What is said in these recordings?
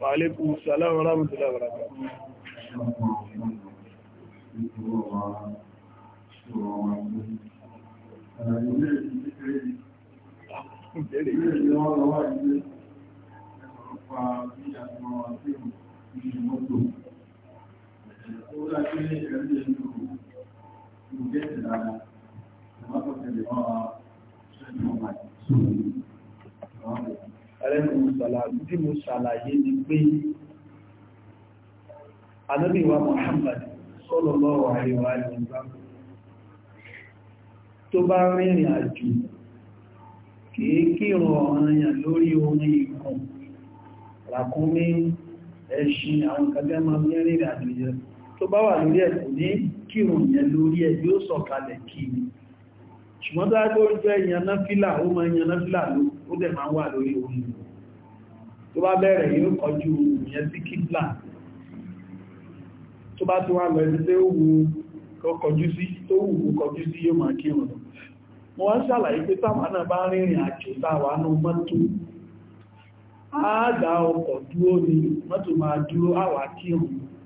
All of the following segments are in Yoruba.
وعليكم السلام ورحمة الله وبركاته Ìjọba Bí mo ṣàlàyé ni pé Ànábì wa Muhammad sallallahu alaihi wa sallam tó bá rìnrìn àjò kìíkìrò ọ̀rìnyàn lórí orin ìkan ràkúnmí ẹṣin àwọn kàgbẹ́mọ̀ mẹ́rin àjò tó bá wà lórí ẹ̀kùn ní kírun yẹn lórí ẹ̀ yóò sọ̀kalẹ̀ kí ni ṣùgbọ́n tó ágbó jẹ́ ìyànná fílà ó mọ ìyànná fílà ló ó dẹ̀ máa wà lórí orin tó bá bẹ̀rẹ̀ yóò kọjú ìyẹn sí kíblà tó bá tó wà lọ ibi tó wù kọjú sí tó wù kọjú sí yóò ọkọ̀ dúró ni mọ́tò máa dúró àwà kírun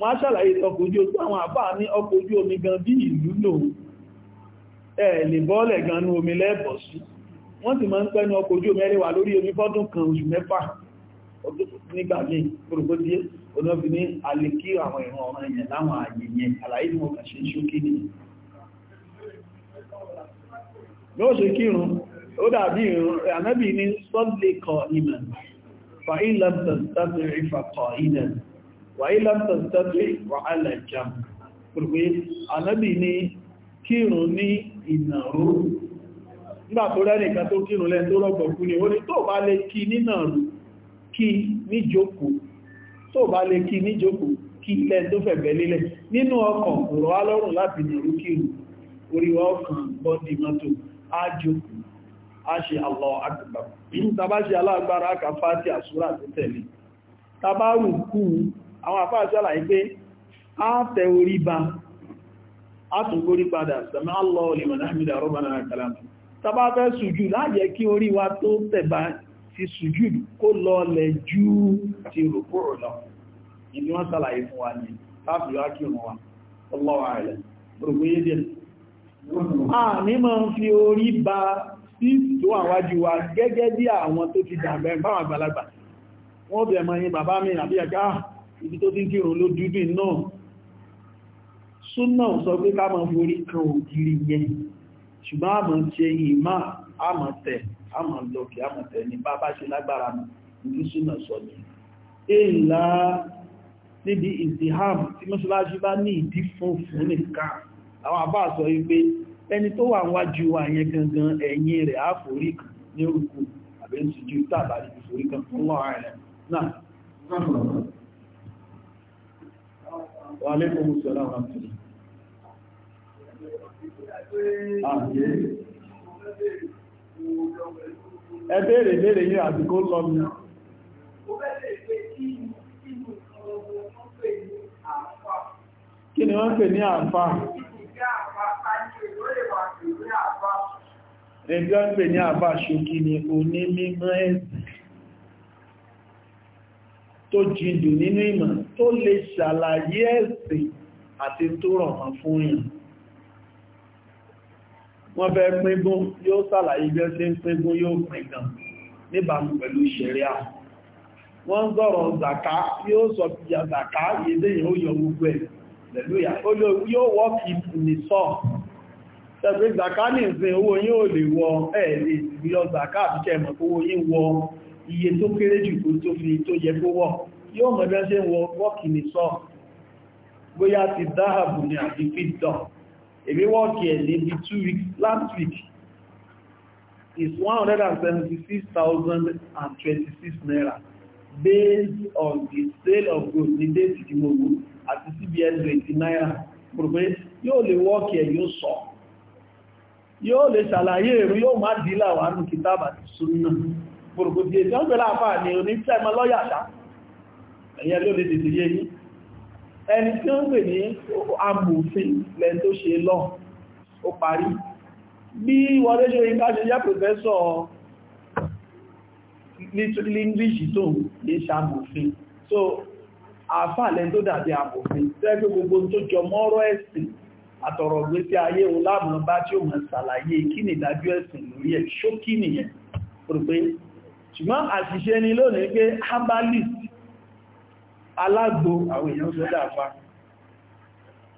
wọ́n á ṣàlàyé ọkọ̀ ojú omi àwọn àbá ní ọkọ̀ ojú omi gan bí ìlú lò ẹ̀ lè bọ́ọ̀lẹ̀ gan ní omi lẹ́ẹ̀bọ̀ sí wọ́n sì máa ń pẹ́ ní ọkọ̀ ojú omi ẹlẹ́wà lórí omi fọ́dún kan oṣù mẹ́fà nígbà míì gbogbo díẹ̀ onáfi ní alèkí àwọn ìran ọ̀ràn yẹn láwọn ààyè yẹn àlàyé ní wàí látàntàbí wà alàjá pẹ̀lú anábì ní kírun ní ìnàró nígbà tó rẹ́ nìkan tó kírun lẹ́ tó rọ̀gbọ̀ kú ní orí tó bá lè kí nínàró kí níjókòó tó bá lè kí níjókòó kí ilẹ̀ tó fẹ̀gbẹ̀ lílẹ̀ nínú ọkàn rọ̀ láti nìrú kírù oríwá ọkàn bọ́dì mọ́tò ájókù àwọn àfáà ṣàlàyé pé a tẹ orí ba a tún gorí padà sami Allahu liman hamida rabbana kalam tàbá fẹ́ sùjú láàyẹ kí orí wa tó tẹ̀bá ti sùjú kó lọ lẹ jú ti rùkú lọ ìní wọ́n ṣàlàyé fún wa ní tábìlá kí wọn wa Allahu a'lam ní ma ń fi orí ba sí tó àwájú wa bẹ̀rẹ̀ mọ́ yí bàbá mi àbíyàká ibi tó ti ń kírun ló dúdú náà súnà sọ pé ká máa forí kan ògiri yẹn ṣùgbọ́n àmọ́ ṣe ìmá àmọ́ tẹ̀ àmọ́ lọ́kì àmọ́ tẹ̀ ní bá bá ṣe lágbára ìlú súnà sọ ní èèlà níbi ìdíhàm tí mọ́ṣáláṣí bá ní ìdí fún fún nìkan àwọn àbá sọ wípé ẹni tó wà wájú wa yẹn gangan ẹ̀yìn rẹ̀ á forí kan ní orúkú àbẹ́sùjú tàbí forí kan fún lọ́rẹ̀ náà Wa alaikum assalam wa rahmatullah. Ẹ béèrè béèrè yìí àsìkò lọ mi. Kí ni wọ́n pè ní àfà? Ẹgbẹ́ ń pè ní àfà ṣókí ni onímímọ́ ẹ̀sìn tó jindù nínú ìmọ̀ tó lè ṣàlàyé ẹ̀sìn àti tó rọ̀mọ̀ fún yàn wọ́n fẹ́ píngún yóò ṣàlàyé bí ó ṣe ń píngún yóò píngàn níbàmú pẹ̀lú ṣẹ̀ríà wọ́n sọ̀rọ̀ zàká yóò sọ ìyà zàká yẹ́dẹ́yìn ó yọ gbogbo ẹ̀ pẹ̀lú ìyà yóò wọ́ kí ní sọ tẹ̀sí zàká ní ìsìn owó yóò lè wọ ẹ̀ẹ̀lẹ̀ iye tó kéré jù kó tó fi tó yẹ kó wọ̀ yóò mọ̀ bí wọ́n ṣe ń wọ wọ́ọ̀kì ní sọ bóyá ti dáhàbù ní àti fìtọ̀ èmi wọ́ọ̀kì ẹ̀ níbi two weeks last week is 176,026 naira based on the sale of goods ní déètì tí mo wù àti CBN rate náírà pòròpé yóò lè wọ́ọ̀kì ẹ̀ yóò sọ yóò lè ṣàlàyé èrú yóò má dìílà wà nù kìtàbà sunna fòròkó díẹ̀ tí wọ́n pẹ̀lá àfáà ní onífẹ́mọ́ lọ́yà ṣá ẹ̀yẹ ló lè dìdì yé yí ẹni tí ó ń pè ní amòfin lẹ́n tó ṣe lọ ó parí bí Wọlé Ṣóyínká ṣe jẹ́ pòfẹ́sọ̀ English tó so àfáà lẹ́n tó dàbí amòfin tẹ́gbẹ́ gbogbo tó jọ mọ́rọ̀ ẹ̀sìn àtọ̀rọ̀ gbé sí ayé òun láàmù bá tí ó mọ̀ ṣàlàyé kí ni ìdájú ẹ̀sìn lórí ẹ̀ ṣókí nìyẹn pòròpé ṣùgbọ́n àṣìṣe ni lónìí pé herbalist alágbo àwọn èèyàn tó dáfà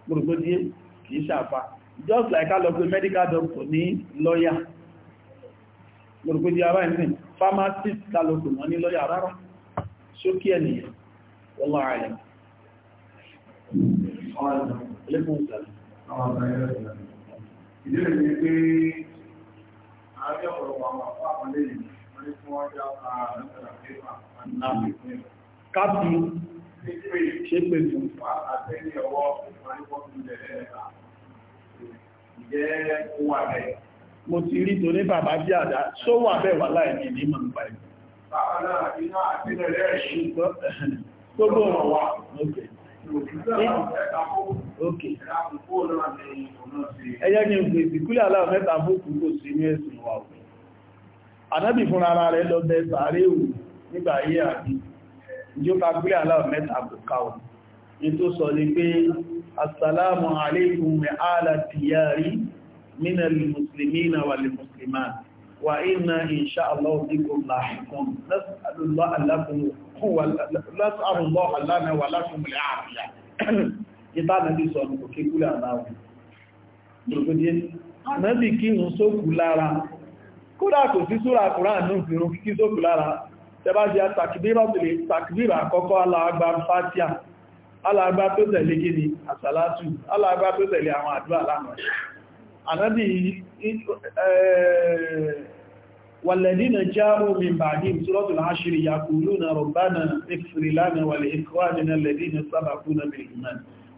gbogbogbòdíé kìí ṣàfà just like a lọ pé medical doctor ní lawyer gbogbogbòdíé ara ìsìn pharmacist kálọ̀kù wọ́n ní lawyer rárá ṣókí ènìyàn wọ́lá ààrẹ Ìdílé ni pé àárí ọ̀pọ̀lọpọ̀ àwọn àpá àpọ̀lẹ́yìn Káàpì ṣe pè ní mo ti rí tó ní bàbá bí àdá ṣó wà bẹ́ẹ̀ wà láìní ní mọ̀ nípa ẹ̀. Gbogbo ọ̀rọ̀ wà. Ẹjẹ́ ni ìgbèsìkúlẹ̀ aláwọ̀ mẹ́ta wà òkè ànábì fún ara rẹ̀ lọ bẹ sàárè wò nígbà ayé àbí ìjó ká pílẹ̀ aláwọ̀ mẹ́ta kò káwọ̀ ní tó sọ ní pé assalamu alaikum mẹ́ ala diyari mina lil muslimina wa lil muslimat wa inna insha Allah bikum lahiqun nas'alullah alakum huwa nas'alullah kò kékúlẹ̀ kódà kò sí súra kùrán ní ìrun kíkí sókù lára tẹbá jẹ́ takbira àkọ́kọ́ aláàgbà fatia aláàgbà tó tẹ̀lé gini àsàlátù aláàgbà tó tẹ̀lé àwọn àdúrà lánàá ànábì والذين جاءوا من بعدهم سورة العشر يقولون ربنا اغفر لنا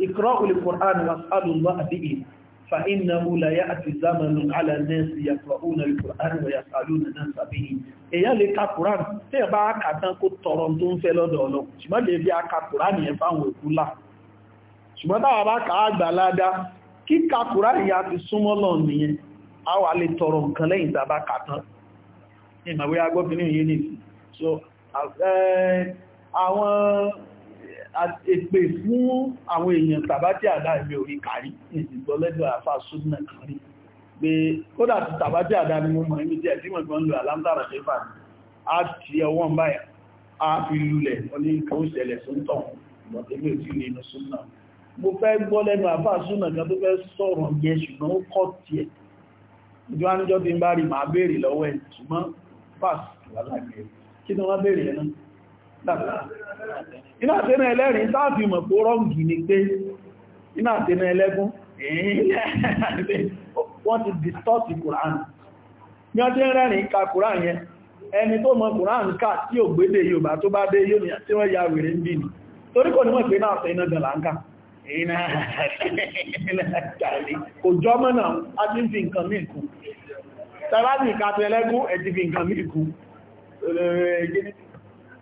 اقرأوا القرآن واسألوا الله به فإنه لا يأتي زمن على الناس يقرؤون القرآن ويسألون الناس به èyàn lè ka Quran tí ẹ bá kà tán kó tọrọ tó ń fẹ́ lọ́dọ̀ ọ̀nà ṣùgbọ́n lè bí a ka Quran yẹn fáwọn òkú là ṣùgbọ́n táwa bá kà á gbà ládá kí ka Quran yà ti súnmọ́ lọ nìyẹn a wà lè tọrọ nǹkan lẹ́yìn tá a bá kà tán ní ìmọ̀wé agbófinrin yìí nìyí so àwọn èpè fún àwọn èèyàn tàbátì àdá ìwé orí kàrí ìsìnbọ́lẹ́dọ̀ àfà súnmọ̀ kàrí pé kódà ti tàbátì àdá ni mo mọ̀ ní jẹ́ tí wọ́n gbọ́n lò alámtàrà ṣẹ́fà á ti ọwọ́n báyà á fi lulẹ̀ oní nǹkan ó ṣẹlẹ̀ sóńtọ̀ ìgbọ̀tẹ́gbẹ̀ tí ó nínú súnmọ̀ mo fẹ́ gbọ́ lẹ́nu àfà súnmọ̀ kan tó fẹ́ sọ̀rọ̀ yẹ ṣùgbọ́n iná àtẹ́nà ẹlẹ́rin sáàfì mọ̀ pó rọ́ǹgì ni pé iná àtẹ́nà ẹlẹ́gún wọ́n ti distort kùránì ní ọjọ́ rẹ̀rin ka kùránì yẹn ẹni tó mọ̀ kùránì ká tí ò gbédè Yorùbá tó bá dé yóò ní tí wọ́n ya wèrè ń bí ni torí kò ní mọ̀ pé náà fẹ́ a ti ń fi nǹkan mí kú tàbí ìkàtẹ̀lẹ́gún ẹ̀ ti fi nǹkan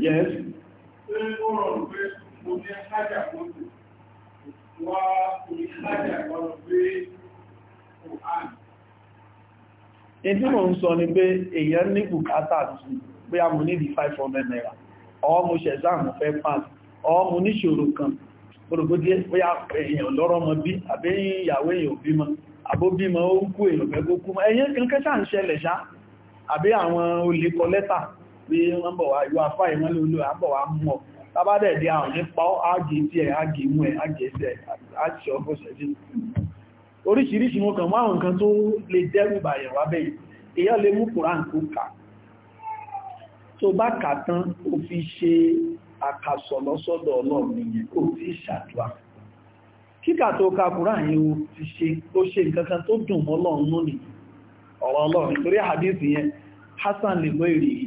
Yes. Ìdí mò ń sọ ni pé èèyàn ní bùkátà tí pé a mú ní di 500 naira, ọwọ́ mo ṣẹ̀dá àmú fẹ́ pass, ọwọ́ mo níṣòro kan, orògbódé pé èèyàn lọ́rọ̀ mọ bí, àbẹ́yìn ìyàwó èèyàn kú bí wọ́n bọ̀ wá yóò afá ìwọ́n lóòlò àbọ̀ wá mú ọ tàbá dẹ̀ dé àwọn nípa ágì tí ẹ̀ ágì mú ẹ̀ ágì ẹsẹ̀ àti ọgbọ̀ ṣẹ̀jì oríṣiríṣi wọn kàn máwọn nǹkan tó lè dẹ́rù bàyẹ̀ wá bẹ́ẹ̀ èyàn lè mú kùrán kó kà tó bá kà tán ó fi ṣe àkàsọ̀ lọ́sọ́dọ̀ ọlọ́run nìyẹn ó fi ṣàdúrà kíkà tó ka kùrán yẹn ó ti ṣe ó ṣe nǹkan kan tó dùn mọ́ ọlọ́run nù nìyẹn ọ̀rọ̀ ọlọ́run torí àdìsí yẹn Hassan lè lóyè rèé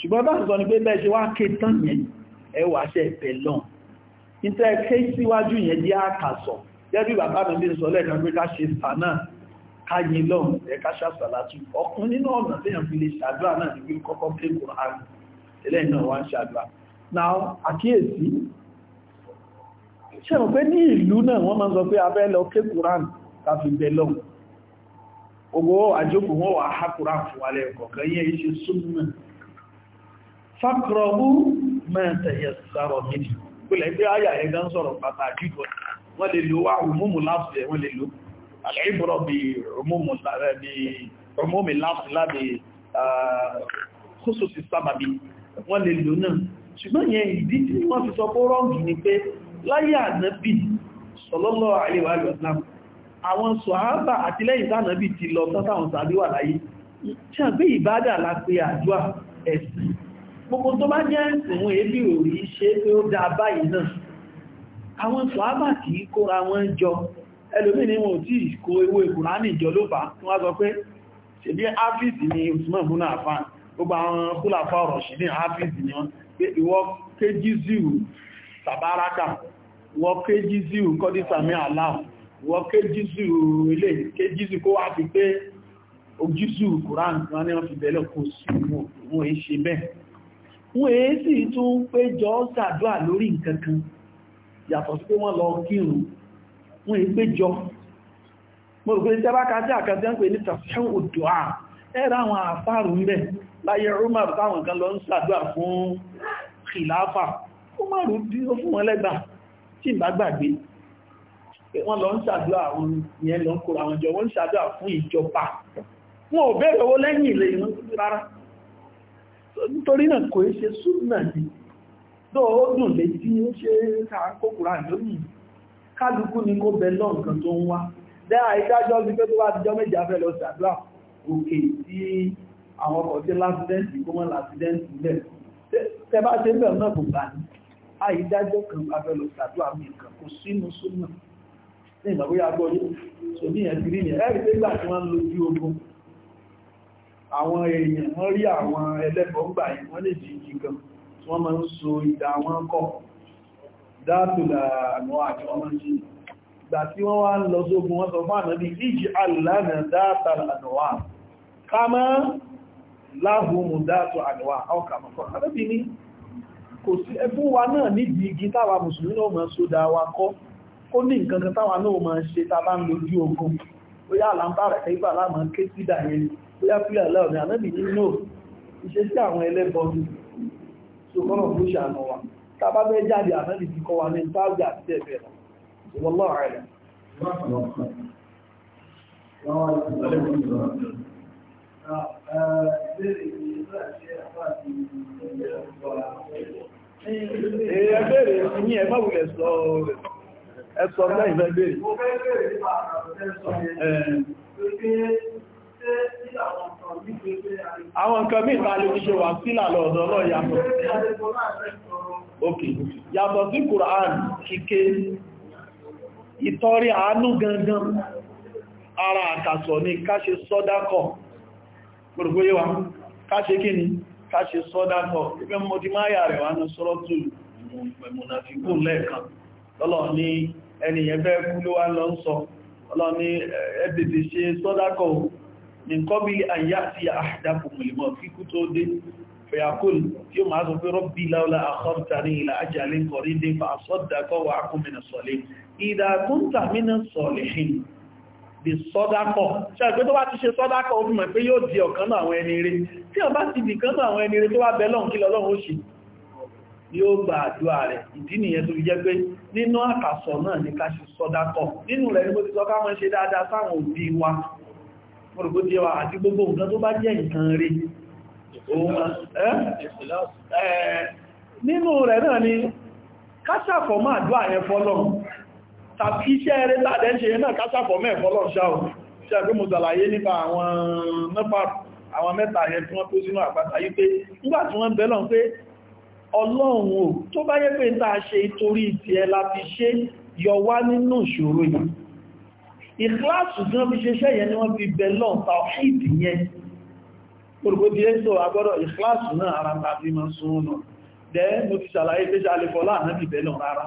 ṣùgbọ́n bá sọ ni pé bẹ́ẹ̀ ṣe wá ké tán yẹn ẹwà ṣe ẹ̀bẹ̀ lọ́n níta ké síwájú yẹn jẹ́ àkàsọ̀ gẹ́bí bàbá mi bí sọ lẹ́ẹ̀kan pé ká ṣe sà náà ká yin lọ́n ẹ̀ ká ṣàṣà látú ọkùn nínú ọ̀nà téèyàn fi lè ṣàdúrà náà ní bí kọ́kọ́ pé kò àrùn eléyìí náà wá ń ṣàdúrà now àkíyèsí ṣe mọ̀ pé ní ìlú náà wọ́n máa sọ pé abẹ́ lọ ké kùrán káfí bẹ lọ́n gbogbo àjókòó wọn wà á kùrán fún wa lẹ́ẹ̀kọ̀ọ̀kan yẹn iṣẹ́ súnmọ́ fákọrọ̀bú mẹ́tẹ̀yẹsàrọ̀ méjì pẹ̀lẹ̀ pé àyà ẹ̀gán sọ̀rọ̀ pàtàkì jùlọ wọ́n lè lo wá òmúmù láti wọ́n lè lo àlẹ́ìbọ̀rọ̀ bí òmúmù láti láti kóṣòsì sábàbí wọ́n lè lo náà ṣùgbọ́n yẹn ìdí tí wọ́n fi sọ pé rọ́ǹgì ni pé láyé ànábì sọlọ́lọ́ àríwá ìlọ́sán àwọn sọ̀hábà àtìlẹ́yìn tánàbì ti lọ sọ́tàwọn sàbíwà láyé tí àgbé ìbádà lápé àdúà ẹ̀sìn gbogbo tó bá jẹ́ ìwọ̀n èébì òrí ṣe pé ó dá báyìí náà àwọn sọ́ábà kì í kóra wọn jọ ẹlòmí ni wọn ò tí kó ewé Kùránì jọ ló bá tí wọ́n sọ pé ṣe bí áfíìsì ni Usman buna afan gbogbo àwọn kúlàfà ọ̀rọ̀ ṣì ní áfíìsì ni wọ́n pé ìwọ kéjì zíù tàbáraka ìwọ kéjì zíù kọ́dísàmí aláwọ̀ ìwọ kéjì zíù ilé kéjì zíù kó wá fi pé ojú zíù Kùránì wọn ni wọ́n fi bẹ̀lẹ̀ kó sí ìwọ̀n èṣe bẹ́ẹ̀ wọ́n èé sì tún péjọ ṣàdúà lórí nǹkankan yàtọ̀ sí pé wọ́n lọ kírun wọ́n èé péjọ mo rò pé tẹ́bákà tí àkàtẹ́ ń pè ní tàfíṣẹ́ òdùá ẹ̀rọ àwọn àfáàrù ń bẹ̀ láyé Umar táwọn kan lọ ń ṣàdúà fún kìláfà Umar dí ó fún wọn lẹ́gbà tí ìbá gbàgbé wọ́n lọ ń ṣàdúà àwọn yẹn lọ ń kó àwọn jọ wọ́n ń ṣàdúà fún ìjọba wọn ò bẹ̀rẹ̀ nítorí náà kò ṣe súnà ní tó ó dùn lè tí ó ṣe kòkòrò àjọ́yìn kálukú ni kó bẹ lọ nǹkan tó ń wá dẹ́ àìdájọ́ sí pé tó bá jọ méjì afẹ́ lọ sàdúrà òkè tí àwọn ọkọ̀ tí lásìdẹ́ǹtì kó mọ́ lásìdẹ́ǹtì lẹ̀ tẹ bá ṣe bẹ̀rẹ̀ náà kò bá ní àìdájọ́ kan afẹ́ lọ sàdúrà mi kan kò sínú súnà ní ìgbàgbóyà gbọ́ yìí sòdíyàn ti rí ni ẹ̀rí pé gbà tí wọ́n ń lójú àwọn èèyàn wọ́n rí àwọn ẹlẹ́bọ̀ gbà yìí wọ́n lè jí jí gan wọ́n máa ń so ìdá wọn kọ̀ dátùlà àwọn àti wọ́n máa ń jí ìgbà tí wọ́n wá ń lọ sógun wọ́n sọ fún ànábì ìjì alìlànà dátàlà àdọ̀wà ká mọ́ láhùmù dátù àdọ̀wà ọkàmọ̀kọ́ ànábì ní kò sí ẹfún wa náà bóyá àlàmbàrẹ̀ kẹfà láàmà ké sí dàyẹn bóyá fílẹ̀ lẹ́ọ̀ni àlẹ́bì nínú iṣẹ́ sí àwọn ẹlẹ́bọn ṣùgbọ́n ló ṣàánú wa tàbá bẹ́ jáde àlẹ́bì ti kọ́ wa ní táàgì àti tẹ́ẹ̀fẹ́ rẹ̀ ṣùgbọ́n ẹ̀sọ̀ lẹ́yìn lẹ́gbẹ̀rẹ̀ àwọn nǹkan mí ìta lè ṣe wà sílà lọ́dọ̀ náà yàtọ̀ okay yàtọ̀ sí Kùránì kíké ìtọrí àánú gangan ara àkàsọ̀ ni káṣe sọ́dákọ̀ gbogbo yíwa káṣe kí ni káṣe sọ́dákọ̀ ipẹ́ mọ́dí máyà rẹ̀ wà ní lẹ́ẹ̀kan lọ́lọ́ n'i. ẹniyàn fẹ́ kú ló wá lọ ń sọ ọlọ́ni ẹ̀bẹ̀bẹ̀ ṣe sọ́dákọ̀ nǹkan bí àyà sí àdákùn mùlìmọ̀ kíkú tó dé fẹ̀yàkùn tí ó máa sọ pé rọ́bí láúlá àkọ́rùtàrí ìlà ajalé kọ̀rí dé fa sọ́dákọ̀ wà ákùnmìnà sọ̀lẹ̀ ìdàkúntàmínà sọ̀lẹ̀hìn bí sọ́dákọ̀ ṣẹ́gbẹ́ tó bá ti ṣe sọ́dákọ̀ ó fi mọ̀ pé yóò di ọ̀kan náà àwọn ẹni yóò gba àdúrà rẹ̀ ìdí nìyẹn tó fi jẹ́ pé nínú àkàsọ̀ náà ní ká ṣe sọ́dátọ̀ nínú rẹ̀ ní mo ti sọ káwọn ṣe dáadáa sáwọn òbí wa mọ̀rọ̀gbó jẹ́ wa àti gbogbo nǹkan tó bá jẹ́ nǹkan rí nínú rẹ̀ náà ni káṣàfọ̀ máa àdúrà yẹn fọ́lọ̀ tàbí iṣẹ́ rẹ̀ láàdẹ́ ṣe náà káṣàfọ̀ mẹ́ fọ́lọ̀ ṣáò ṣe àgbé mo ṣàlàyé nípa àwọn mẹ́ta yẹn tí wọ́n kó sínú àpáta yí pé nígbà wọ́n bẹ́lọ̀ pé ọlọ́run ò tó bá yẹ pé ń tàà ṣe torí ti ẹ láti ṣe yọ wá nínú ìṣòro yìí ìkláàsù tí wọ́n fi ṣe ṣẹ́yẹ ni wọ́n fi bẹ̀lọ́n tàwíìdì yẹn gbogbo bí é sọ agbọ́dọ̀ ìkláàsù náà ara tàbí ma sún ọ̀nà dẹ́ mo ti ṣàlàyé pé ṣàlẹ̀ fọ́lá àná bí bẹ̀lọ́n rárá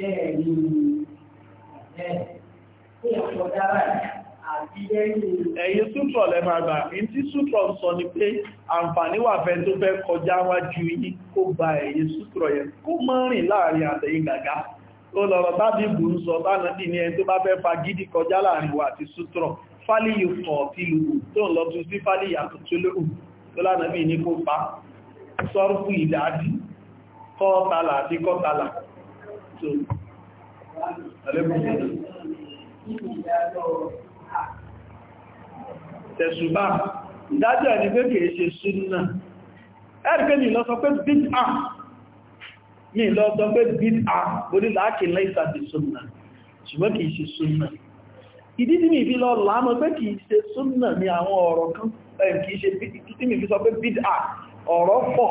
lẹ́ẹ̀rí ẹ̀ tí ọ̀pọ̀ dára àti lẹ́yìn. Ẹ̀yìn sútrọ̀ lẹ́màgbà, in tí sútrọ̀ ń sọ ni pé àǹfààní wà fẹ́ tó fẹ́ kọjá wájú yí kó gba ẹ̀yìn sútrọ̀ yẹn kó mọ́ láàrin àtẹ̀yìn gàgá. Ó lọ̀rọ̀ bá bí bù ń sọ bánà dì ní ẹni tó bá fẹ́ fa gidi kọjá láàrin wa àti sútrọ̀. Fálíyù kọ̀ tí tó ń lọ tún sí tó lóhù tó ní kó pa sọ́rùkù àti so alẹ́kùnrin tẹ̀sùbá ìdájọ́ ẹni pé kìí ṣe súnnà ẹ́rìkẹ́ mi lọ pé bid a mi lọ sọ pé bid a borí láàkì lẹ́ìsà ti súnnà ṣùgbọ́n kìí ṣe súnnà ìdí tí mi fi lọ láàmọ́ pé kìí ṣe súnnà ni àwọn ọ̀rọ̀ kan kìí ṣe tí mi fi ọ̀rọ̀ pọ̀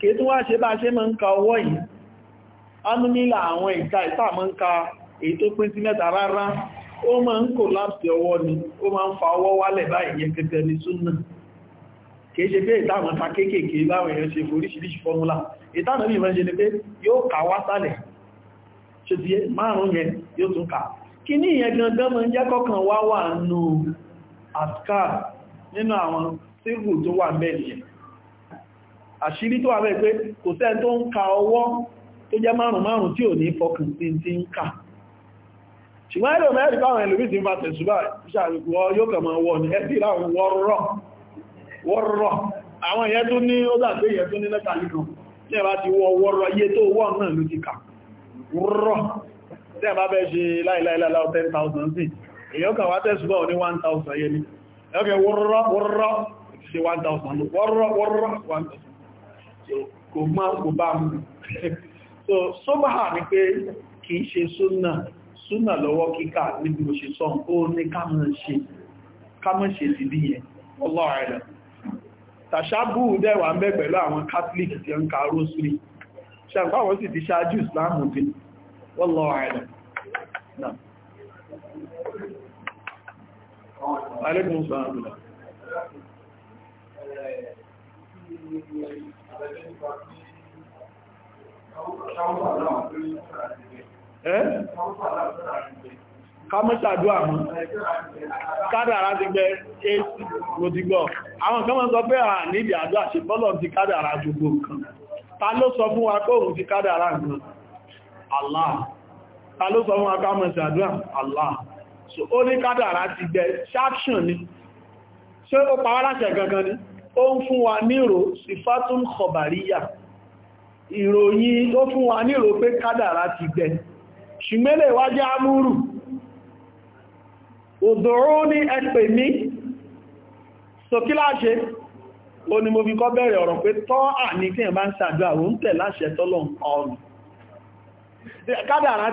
kìí tún wá ṣe bá ṣe mọ́ ń ka ọwọ́ yìí anúmílà àwọn ìka ìta mọ́ ń ka èyí tó pín sí mẹ́ta rárá ó máa ń kò láti ọwọ́ ni ó máa ń fa ọwọ́ wálẹ̀ báyìí kẹtẹ ní súnnà kìí ṣe pé ìtàmọ̀ ta kéékèèké láwọn èèyàn ṣe foríṣiríṣi fọ́múlà ìtàmọ̀ ní ìwọ́n ṣe ni pé yóò kà wá sálẹ̀ tó wà mẹ́rin àṣírí tó wà bẹ́ẹ̀ pé kò sẹ́ni tó ń ka ọwọ́ tó jẹ́ márùn márùn tí ò ní fọkàn sí ti ń kà ṣùgbọ́n ẹ̀rọ mẹ́rin káwọn ẹlòmí ti ń bá tẹ̀sùbá ṣàrìkú yóò kàn máa wọ ní ẹ̀sì láwọn wọ́rọ̀ àwọn ìyẹn tó ní ó dà pé ìyẹn tó ní lẹ́tà nìkan tí ẹ bá ti wọ wọ́rọ̀ iye tó wọ́ náà ló 1,000 wọ́rọ̀ wọ́rọ̀ 1,000 wọ́rọ̀ wọ́rọ̀ 1,000 kò mọ́ kò bá mú so sóbáhà ní pé kì í ṣe súnà súnà lọ́wọ́ kíkà níbi mo ṣe sọ ó ní kámọ́ṣe ti bí yẹn ọlọ́rẹ̀ tàṣábù dẹ̀wà ń bẹ́ pẹ̀lú àwọn catholic tí ń ka rosary sì ti ṣáájú islamu bí ọlọ́rẹ̀ Eh? kámọ́sàdó àmú kádàrá ti gbẹ èsì lòdígbọ́ àwọn kan mọ́ sọ pé à níbi àdó àṣepọ́lọ̀ ti kádàrá gbogbo nǹkan ta ló sọ fún wa kó òun ti kádàrá nǹkan Allah ta ló sọ fún wa kámọ́sàdó Allah so ó ní kádàrá ti gbẹ ni ṣé ó pàwọ́ láṣẹ ni ó ń fún wa nírò sifatun kọbàríyà ìròyìn ó fún wa nírò pé kádàrá ti gbẹ ṣùgbẹ́lẹ̀ wá jẹ́ amúrù òdòrò ní ẹ̀pẹ̀ mi sókíláṣe ó ní mo fi kọ́ bẹ̀rẹ̀ ọ̀rọ̀ pé tọ́ àní tí ẹ̀ bá ń ṣàdúrà ó ń tẹ̀ láṣẹ tọ́lọ̀ ọ̀rùn kádàrá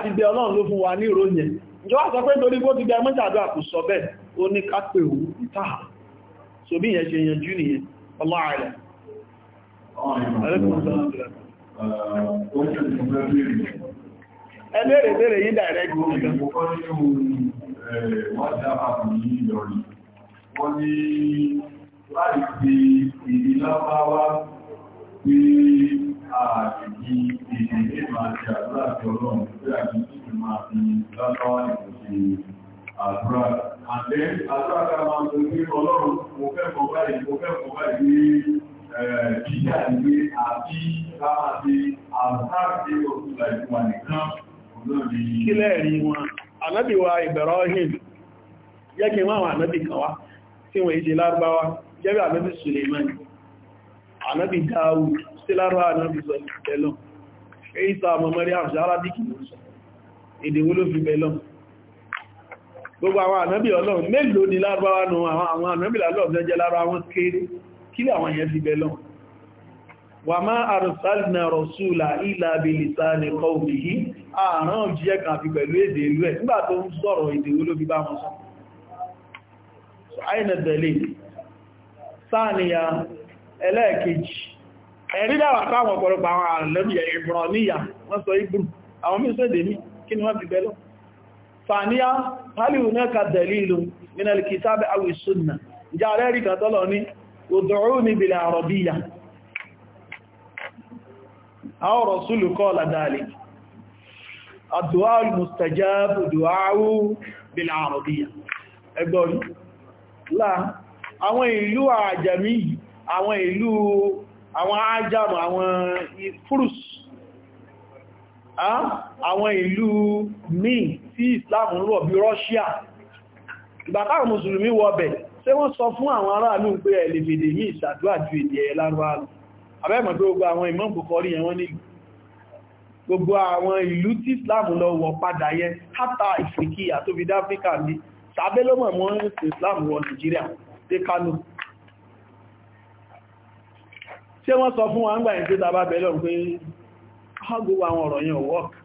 ìyẹn ṣe yanjú nìyẹn Allah àìlẹ̀. Ẹlẹ́rẹ̀ lẹ́rẹ̀ yí direct uh, Wọ́n ní láì fi ìdí lábáwá pé ààrẹ̀dí èdè ní máa ṣe àdúrà tí ọlọ́run pé àti ìdí máa fi lábáwá ìpòsí àdúrà. Àdé àdúrà ká máa ń pè ọlọ́run mo fẹ́ kọ báyìí, mo fẹ́ kọ báyìí ní jíjà ìwé wa Ibrahim, jẹ́ kí wọ́n àwọn ànábì kan wá tí wọ́n èdè lárúbáwá, jẹ́ bí ànábì Suleiman, ànábì Dawud, sí lárúbáwá ànábì Zọ̀lẹ̀ gbogbo àwọn ànábì ọlọ́run mélòó ni lárúbáwá nù àwọn ànábì lọ́lọ́run jẹ́ jẹ́ lára wọn kéré kí lè àwọn yẹn fi bẹ wà máa àrùsálìnà rọ̀súlà ìlà àbìlìsà ní àrán òjíẹ́ kan fi pẹ̀lú èdè ìlú ẹ̀ nígbà tó ń sọ̀rọ̀ èdè ìlú bá wọn sọ àìnà tẹ̀lé ẹlẹ́ẹ̀kejì táwọn ọ̀pọ̀lọpọ̀ àwọn àrùn fàníyá ní ud'uni bil arabiyya aw rasulu qala dhalik ad-du'a al-mustajab du'a'u bil arabiyya ẹgbọ́n láà àwọn ìlú àjàmí ilu ìlú ah, tí Islam ń rọ̀ bí Russia ìgbàtà mùsùlùmí wọ́bẹ̀ ṣé wọ́n sọ fún àwọn aráàlú pé ẹ̀lẹ́fèdè ní ìṣàdúrà ju èdè ẹ̀ lárúwárù abẹ́mọ̀ pé gbogbo àwọn Imam Bukhari yẹn wọ́n ní gbogbo àwọn ìlú tí Islam lọ wọ̀ padà yẹn hátà ìfìkì àtóbidá Áfíríkà ní tàbí ló mọ̀ wọ́n ń Islam wọ Nàìjíríà dé Kánò ṣé wọ́n sọ fún wa ń gbà yẹn pé tàbá bẹ̀rẹ̀ pé ah, gbogbo àwọn ọ̀rọ̀ yẹn wọ́ọ̀kì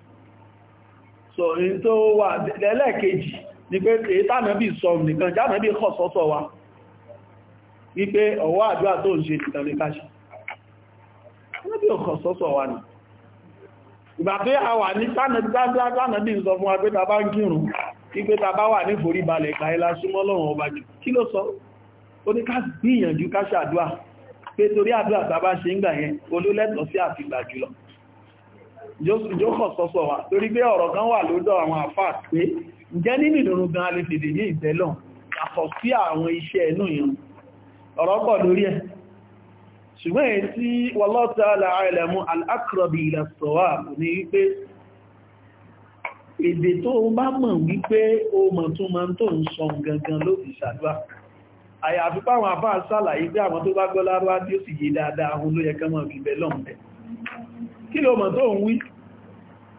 so in tó wà lẹ́lẹ́kejì ni pé ètànàbí sọ nìkan jánàbí kọ̀ sọ́sọ́ wa wípé ọwọ́ àdúrà tó ń ṣe nìkan lè káṣì jánàbí kọ̀ sọ́sọ́ wa ni ìgbà pé a na wà na jánàbí sọ fún wa pé ta bá ń kírun wípé ta bá wà ní forí balẹ̀ káílá súnmọ́ lọ́rùn ọba jù kí ló sọ ó ní ká gbìyànjú káṣàdúà pé torí àdúà tá bá ṣe ń gbà yẹn olólẹ́tọ̀ sí àfìgbà jùlọ ìjókọ̀ sọ́sọ̀ wa torí pé ọ̀rọ̀ kan wà lọ́dọ̀ àwọn àfáà pé ǹjẹ́ nínú ìdùnnú gan alẹ́ fèdè ní ìtẹ́lọ̀n yàtọ̀ sí àwọn iṣẹ́ ẹnu yẹn ọ̀rọ̀ pọ̀ lórí ẹ̀ ṣùgbọ́n ta'ala a'lamu al-aqrab ila as-sawab ní wípé èdè tó bá mọ̀ wípé o mọ̀ tún mọ̀ tó ń sọ gangan ló fi ṣàdúrà àyàfi páwọn àfáà sàlàyé pé àwọn tó bá gbọ́ lárúwá tí ó sì yé dáadáa ohun ló yẹ kẹ́mọ̀ fi bẹ́lọ̀ kí ló mọ̀ tó ń wí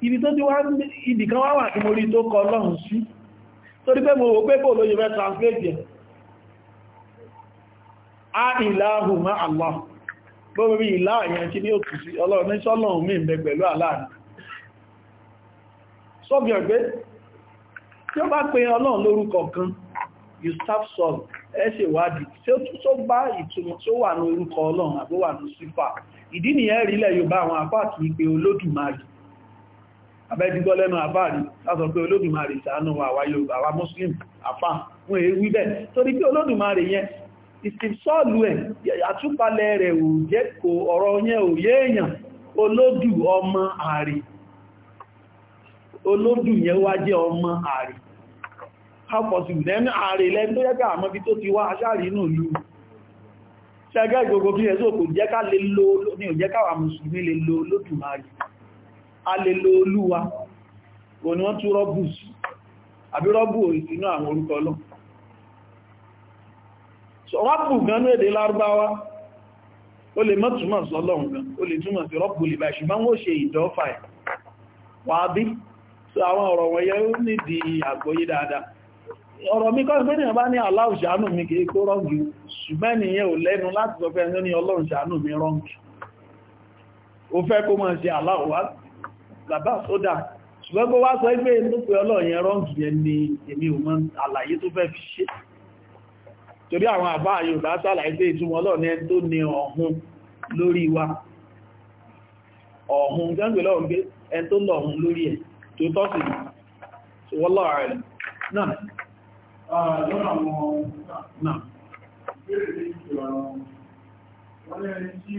ibi tó ti wá ibì kan wá wà kí mo rí tó kọ lọ́hùn sí torí pé mo pé bò lóye mẹ́ta translate a ìlàhù Allah gbogbo bí ìlà àyàn tí ní òtù sí ọlọ́run ní sọ́lọ́run mí ìbẹ̀ pẹ̀lú aláàrin sọ́bí ọ̀gbẹ́ tí ó bá pe ọlọ́run lórúkọ kan you staff solve ẹ̀ṣẹ̀ ìwádìí tí ó tó bá ìtumọ̀ tó wà ní orúkọ ọlọ́run àbówà ní sífà ìdí nìyẹn rílẹ̀ Yorùbá àwọn apá kìí pe olódùmarè abẹ́dígbọ́ lẹ́nu àfáàrí sásọ pé olódùmarè ṣàánú àwa muslim àfá fún èwí bẹ́ torí pé olódùmarè yẹn ìsìsọ́ọ̀lù ẹ̀ àtúpalẹ̀ rẹ̀ ò jẹ́ kò ọ̀rọ̀ yẹn ò yé èèyàn olódù ọmọ àrí olódù yẹn wá jẹ́ ọmọ àrí hapọ̀sì lẹ́nu àrí lẹ́nu tó yẹ́gbẹ́ àmọ́ bí tó ti wá aṣáàrí inú ìlú ṣẹgẹ́ ìgbogbo bí ẹ̀sọ́ kò jẹ́ ká lè lo ní a lè lo olúwa kò ní wọ́n tún rọ́bù sí àbí rọ́bù ìsinú àwọn orúkọ lọ rọ́bù gan ní èdè lárúbáwá ó lè mọ́ túmọ̀ sọ́lọ́run gan ó lè túmọ̀ sí rọ́bù lè báyìí ṣùgbọ́n wọ́n ṣe ìdọ́fà ẹ̀ wàá bí so àwọn ọ̀rọ̀ wọ̀nyẹ ó nídìí àgbọ́yé dáadáa ọ̀rọ̀ mi kọ́ pé ní ọba ní aláwọ̀ ṣàánú mi kìí kó rọ́ǹgì ṣùgbẹ́ nìyẹn ò lẹ́nu láti sọ fẹ́ kó máa ṣe aláwọ̀ bàbá sódà ṣùgbọ́n kó wá sọ ẹgbẹ́ inú pé ọlọ́yẹn rọ́ǹkì yẹn ni èmi ò mọ̀ àlàyé tó fẹ́ fi ṣe torí àwọn àbá Yorùbá sàlàyé pé ìtumọ̀ ọlọ́ni ẹni tó ní ọ̀hun lórí wa ọ̀hun jẹ́ǹgbẹ̀ lọ́wọ́n pé ẹni tó lọ ọ̀hun lórí ẹ̀ tó tọ́ sí ìwọ́lọ́ rẹ̀ náà Wọ́n lẹ́rin tí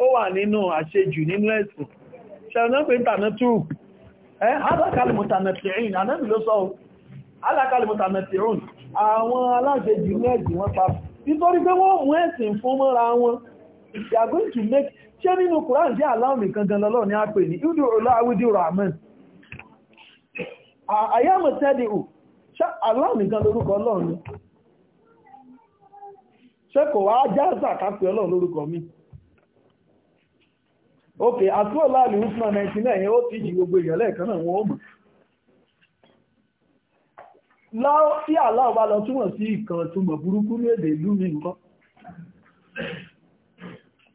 ó wà nínú àṣejù nínú ẹ̀sìn ṣẹ̀rọ̀nà tànàtù ẹ́ sọ àwọn aláṣejù ní ẹ̀sìn wọ́n pa nítorí pé wọ́n mú ẹ̀sìn fún mọ́ra wọn they are going nínú jẹ́ lọ́lọ́ ní àpè ní ìdú tẹ́dì ò ṣe aláwọ̀ lórúkọ Ọlọ́run wá jáàzà kápẹ́ Ọlọ́run lórúkọ mi ok àti ọ̀láàlì húsnà 99 yẹn ó ti gbogbo èèyàn lẹ́ẹ̀kan náà wọ́n mọ̀ láwọ́ tí bá lọ túmọ̀ sí ìkan túmọ̀ burúkú ní èdè ìlú mi nǹkan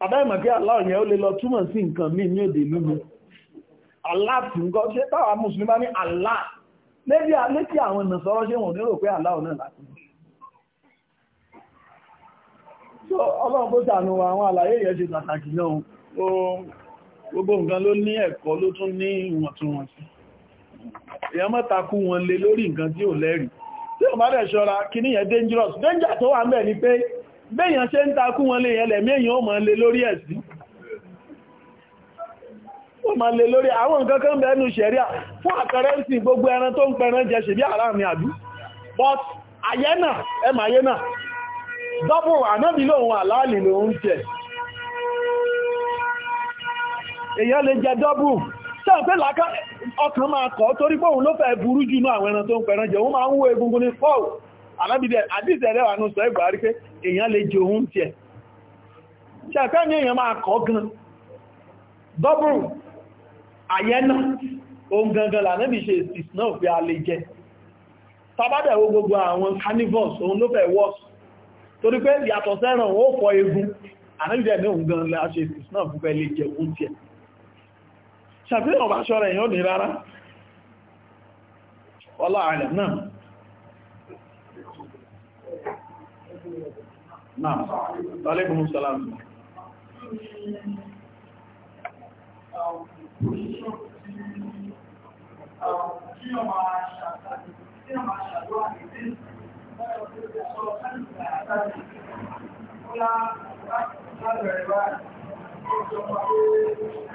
àbẹ́mọ̀ kí aláwọ̀ yẹn ó lè lọ túmọ̀ sí nǹkan mi ní èdè ìlú mi aláàtì nǹkan ṣe táwa mùsùlùmí bá ní aláà lẹ́bí alé tí àwọn ènìyàn sọ̀rọ̀ ṣe wọ́n nírò pé náà láti ọlọ́run kó àwọn àlàyé yẹn ṣe gbogbo nǹkan ló ní ẹ̀kọ́ ló tún ní ìwọ̀ntúnwọ̀nsí èyàn mọ́ta kú wọn lé lórí nǹkan tí ò lẹ́rìí tí o bá dẹ̀ ṣọ́ra kì ní yẹn dangerous danger tó wà ń ni pé béèyàn ṣe ń ta kú wọn lè yẹn lẹ̀mí èyàn ó mọ̀ lé lórí ẹ̀ sí ó mọ̀ lé lórí àwọn nǹkan kan bẹ̀ nù ṣẹ̀ríà fún àkọrẹ́ǹsì gbogbo ẹran tó ń pẹran jẹ ṣèbí àrá mi àbí but ayé náà ẹ mà ayé náà double ànábì lòun àláàlì jẹ èyàn lè jẹ dọ́bù sẹ́n pé ọkàn máa kọ́ torí pé òun ló fẹ́ burú jù ní àwọn ẹran tó ń pẹran jẹ òun máa ń wó egungun ní paul alábìdẹ̀ àdìsẹ̀rẹ̀ wà ní sọ ẹgbà rí pé èyàn lè jẹ òun tiẹ̀ ní èyàn máa kọ́ gan dọ́bù àyẹ́nà ohun gangan lànàbì ṣe ìsìnà òfin a jẹ tabadẹ̀ wo gbogbo àwọn carnivores òun ló fẹ́ wọ́s torí pé yàtọ̀ gan la òfin fẹ́ شافين وما شاء الله يهون هبارة والله أعلم نعم نعم عليكم السلام Thank you.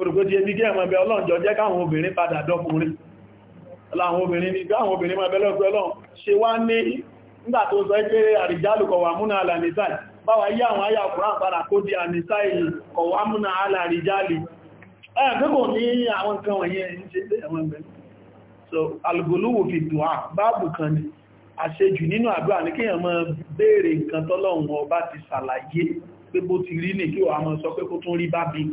orùgbójí ẹbí kí ẹmọ ẹbẹ ọlọ́njọ jẹ́ káwọn obìnrin padà dọ́kùnrin láwọn obìnrin ní káwọn obìnrin máa bẹ́lọ́ pé ọlọ́run ṣe wá ní nígbà tó sọ pé àrìjálù kọwà múnà alànìsáì báwa yí àwọn ayà kó di múnà pé bó ti rí ní kí sọ pé kó tún rí bá bí i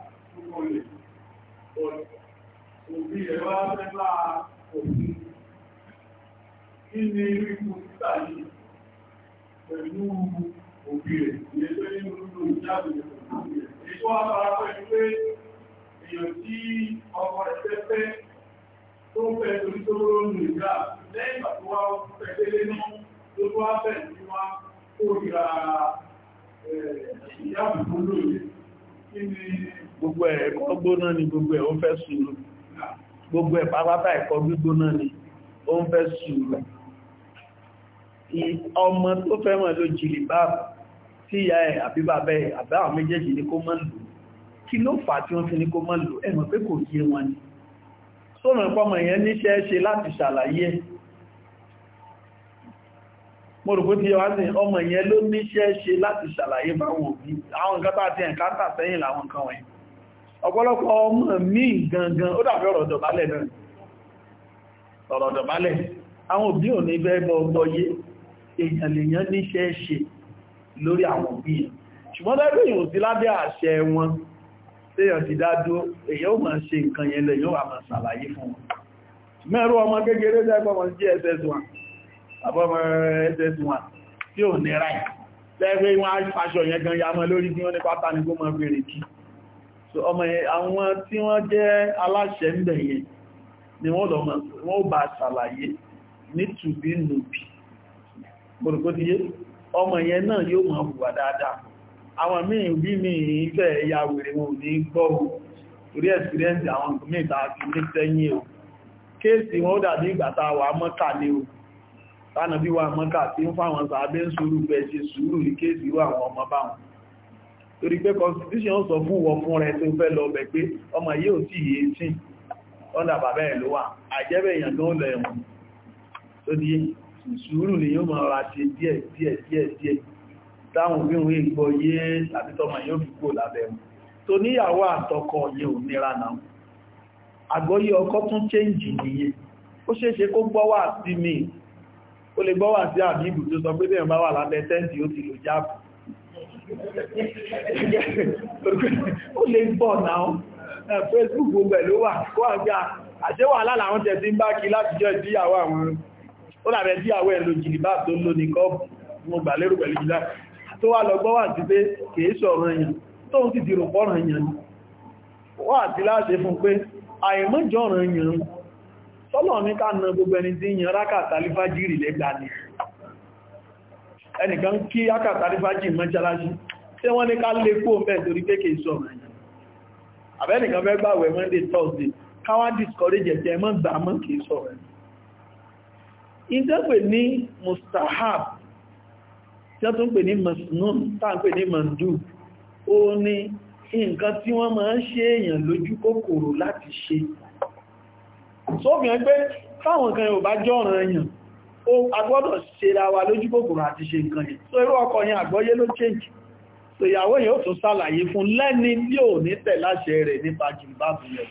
Òbí rẹ̀ wá mẹ́lá òfin. Kí ni ríkù títà yìí pẹ̀lú òbí rẹ̀? Ìyẹ́ tó nínú ló jáde òbí rẹ̀. Èyí tó wá fara pẹ̀lú pé èèyàn tí ọmọ rẹ̀ pẹ́pẹ́ tó ń fẹ́ torí tó lóró nù ìgbà lẹ́yìn ìgbà tó wá pẹ̀lẹ́lé náà tó tó wá bẹ̀rẹ̀ sí wá kó ìra ìyá àbùkù lóye gbogbo ẹ̀ ẹ̀kọ́ gbóná ni gbogbo ẹ̀ ó fẹ́ sùúrù gbogbo ẹ̀ pápátá ẹ̀kọ́ gbígbóná ni ó ń fẹ́ sùúrù ọmọ tó fẹ́ mọ̀ ló jìlì bá tí ìyá ẹ̀ àbí bàbá ẹ̀ àbá àwọn méjèèjì ní kó mọ́ lò kí ló fà tí wọ́n fi ní kó mọ́ lò ẹ pé kò yé wọn ni sọ́nà ìpọ́mọ̀ yẹn níṣẹ́ ṣe láti ṣàlàyé mọ̀rùkú ti wá ní ọmọ yẹn ló níṣẹ́ ṣe láti ṣàlàyé fáwọn òbí àwọn nǹkan bá ti ẹ̀ká tà sẹ́yìn láwọn nǹkan wọ̀nyí ọ̀pọ̀lọpọ̀ ọmọ míì gangan ó dàbí ọ̀rọ̀ dọ̀bálẹ̀ náà ọ̀rọ̀ dọ̀bálẹ̀ àwọn òbí ò ní bẹ́ bọ́ gbọ́yé èèyàn lèèyàn níṣẹ́ ṣe lórí àwọn òbí yẹn ṣùgbọ́n lẹ́gbẹ̀ẹ́ èèyàn sí lábẹ́ àṣẹ wọn téèyàn ti dádó èèyàn ó máa ṣe nǹkan yẹn lẹ́yìn wà máa ṣàlàyé fún wọn mẹ́rù ọmọ kékeré dẹ́gbọ́n jss 1 àbọ́mọ ss1 tí ò ní ráì lẹ́gbẹ́ wọn aṣọ yẹn gan yàmọ́ lórí bí wọ́n ní pátá ní kó mọ́ fèrè kí ọmọ àwọn tí wọ́n jẹ́ aláṣẹ ńbẹ̀ yẹn ni wọ́n bá ṣàlàyé ní tùbí nùbí gbọ́dọ̀gbọ́díyé ọmọ yẹn náà yóò mọ̀ hùwà dáadáa àwọn míì wí ní ìfẹ́ ẹ̀yà wèrè wọn ò ní gbọ́ orí ẹ̀sìrẹ́ǹsì àwọn ìgbìmọ̀ ìta àti ní sẹ́yìn o kéèsì wọn ó dàbí ìgbà tá a wà mọ́kà ní o tánàbí wà mọ́kà tí ń fáwọn sàábẹ́ ń sùúrù pé ṣe sùúrù ní kéèsì irú àwọn ọmọ báwọn torí pé constitution sọ fún wọ fún rẹ tó fẹ́ lọ bẹ̀ pé ọmọ yìí tí yìí tí ọ́nà bàbá ẹ̀ ló wà àjẹ́bẹ̀ èèyàn tó lọ ẹ̀wọ̀n tó di sùúrù ni yóò máa ra ṣe díẹ̀ díẹ̀ díẹ̀ díẹ̀ táwọn òbí òun ìgbọ́ yé àti tọmọ yóò fi kó lábẹ́ wọn tó níyàwó àtọkọ yẹn ò nira ó lè gbọ́wà sí àbíbù tó sọ pé bẹ́ẹ̀ bá wà lábẹ́ tẹ́ǹtì ó ti lò jáàbù ó lè gbọ́ náà Facebook gbogbo ẹ̀ ló wà kó àgbà àṣẹ́wà aláàrùn tẹ̀sí ń bá kí láti jọ ìdíyàwó àwọn ó làbẹ̀ díyàwó ẹ̀ ló jìlìbá tó ló ní kọ́ mo gbà lérò pẹ̀lú jìlá tó wà lọ gbọ́wà sí pé kìí sọ̀rọ̀ èèyàn tó ń ti dìrò pọ́rọ̀ èèyàn wà àti láti fún pé ọlọ́run ní ká na gbogbo ẹni tí yàn rákàtà lífàjírì lẹ́gbà ní ẹnìkan kí rákàtà lífàjírì mọ́ṣáláṣí tí wọ́n ní ká lè kó mẹ́ torí pé kìí sọ àbẹ́nìkan fẹ́ gbàwẹ̀ Monday Thursday káwá discourage ẹ̀tẹ́ mustahab tí wọ́n tún pè ní masnun tàbí ní mandu ó ní nǹkan tí wọ́n máa sófin pé táwọn nǹkan yóò bá jọ ọ̀ràn èèyàn ó agbọ́dọ̀ ṣera wa lójú kòkòrò àti ṣe nǹkan yìí so irú ọkọ yẹn àgbọ́yé ló change so ìyàwó yẹn ó tún ṣàlàyé fún lẹ́ni bí ò ní tẹ̀ láṣẹ rẹ̀ nípa jìlbáàbù yẹn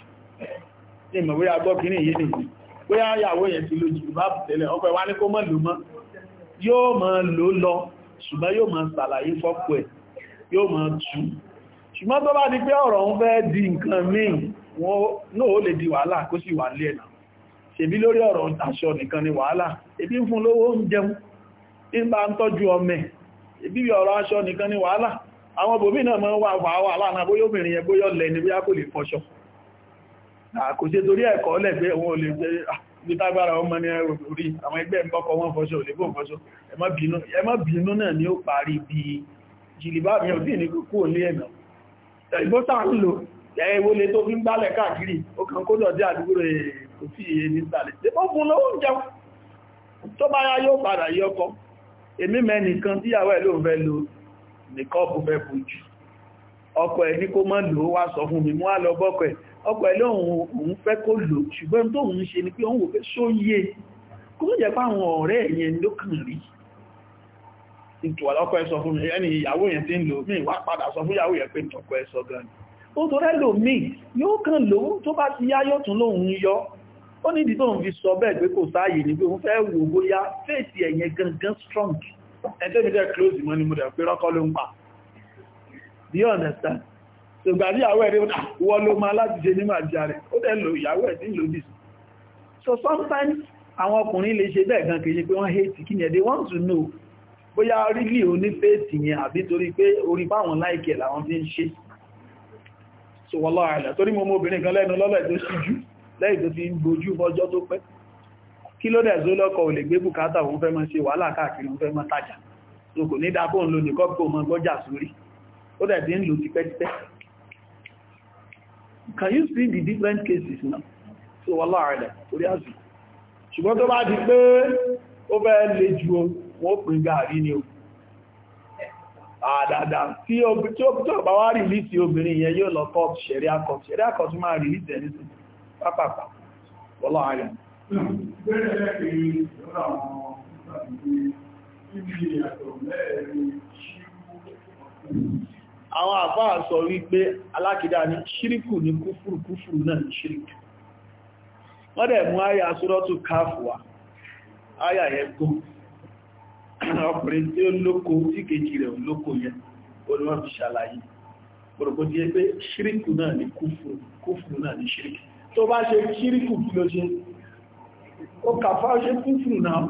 ní ìmọ̀ bóyá gbọ́ kìíní yìí nìyí bóyá ìyàwó yẹn ti lo jìlbáàbù tẹ́lẹ̀ ọkọ ẹ̀ wá ní kó mọ̀ lò mọ́ yóò mọ̀ lò lọ ṣùgbọ́n yóò mọ̀ ṣàlàyé náà ó lè di wàhálà kó sì wà nílé ẹ̀nà ṣèbí lórí ọ̀rọ̀ aṣọ nìkan ni wàhálà ebi ń fún lówó ń jẹun ń bá ń tọ́jú ọmọ ebi ọ̀rọ̀ aṣọ nìkan ni wàhálà àwọn bòmí náà máa ń wà wàhálà láàrín bóyá obìnrin yẹn bóyá lẹ́ni bóyá kò lè fọṣọ kò ṣe torí ẹ̀kọ́ ni ó parí bí jìlìbá mi ò sí ní kúkú olé ẹ̀nà ìgbótà ń lò ẹ̀wọ́lé tó fi kò tí iye ní ìsàlẹ̀ tí ó fún lówó jẹun tó bá yá yóò padà yí ọkọ èmi mẹ́nìkan tí ìyàwó ẹ̀ ló fẹ́ lo nìkọ́ọ̀bù fẹ́ fojú ọkọ ẹ̀ ní kó má lò ó wá sọ fún mi mú á lọ bọ́kọ ẹ̀ ọkọ ẹ̀ lóhun òun fẹ́ kó lò ṣùgbọ́n tó ni pé òun wò pé sóyè kó tó jẹ́ páwọn ọ̀rẹ́ ẹ̀yẹn ló mi ẹni ìyàwó yẹn ti ń lò mí wá ó ní ìdí ń fi sọ bẹ́ẹ̀ pé kò sáàyè ní pé òun fẹ́ wò bóyá fèsì ẹ̀yẹn gangan strong ẹ̀tẹ́ close mọ́ mo dẹ̀ pé rọ́kọ́ ló ń pa do you understand So ní ìyàwó ẹ̀rẹ́ wọ́n ló máa láti ṣe ní màá jàre ó dẹ̀ lo ìyàwó ẹ̀ tí so sometimes àwọn ọkùnrin lè ṣe bẹ́ẹ̀ gan kìí pé wọ́n hate kí ni they want to know bóyá orílẹ̀ oní fèsì yẹn àbí torí pé orí báwọn láìkẹ̀ làwọn fi ń ṣe so wọ́n lọ́ọ̀rẹ̀ torí mo mọ obìnrin kan lẹ́nu lọ́lọ́ ẹ̀ tó ṣíjú lẹ́yìn tó ti ń bojú fọjọ́ tó pẹ́ kí ló dẹ̀ zó lọ́kọ̀ ò gbé bùkátà òun fẹ́ mọ́ ṣe wàhálà káàkiri fẹ́ mọ́ tajà so kò ní dákóhùn ló ní kọ́pù mọ́ gbọ́jà sórí ó dẹ̀ ti ń lò tipẹ́tipẹ́ can you see the different cases now so wọ́n láàrẹ̀ orí àsìkò ṣùgbọ́n tó bá di pé ó fẹ́ le ju wọn pín gàrí ni o àdàdà tí ó bá wá rìlíìsì obìnrin yẹn yóò lọ kọ́ọ̀tù ṣẹ̀ríà kọ́ọ̀tù ṣẹ̀ríà kọ́ọ̀tù máa rìlíìsì ẹni tuntun pápápá wọ́lọ́ ààrẹ àwọn àfáà sọ wípé alákìdá ní ṣíríkù ní kúfùrù kúfùrù náà ní ṣíríkù wọ́n dẹ̀ mú káfùwà ọkùnrin tí ó tí kejì rẹ̀ fi ṣàlàyé ṣíríkù náà ní kúfùrù náà ní ṣíríkù tó bá ṣe ṣíríkù kí ló ṣe ó kàfà ó ṣe kúfùrù náà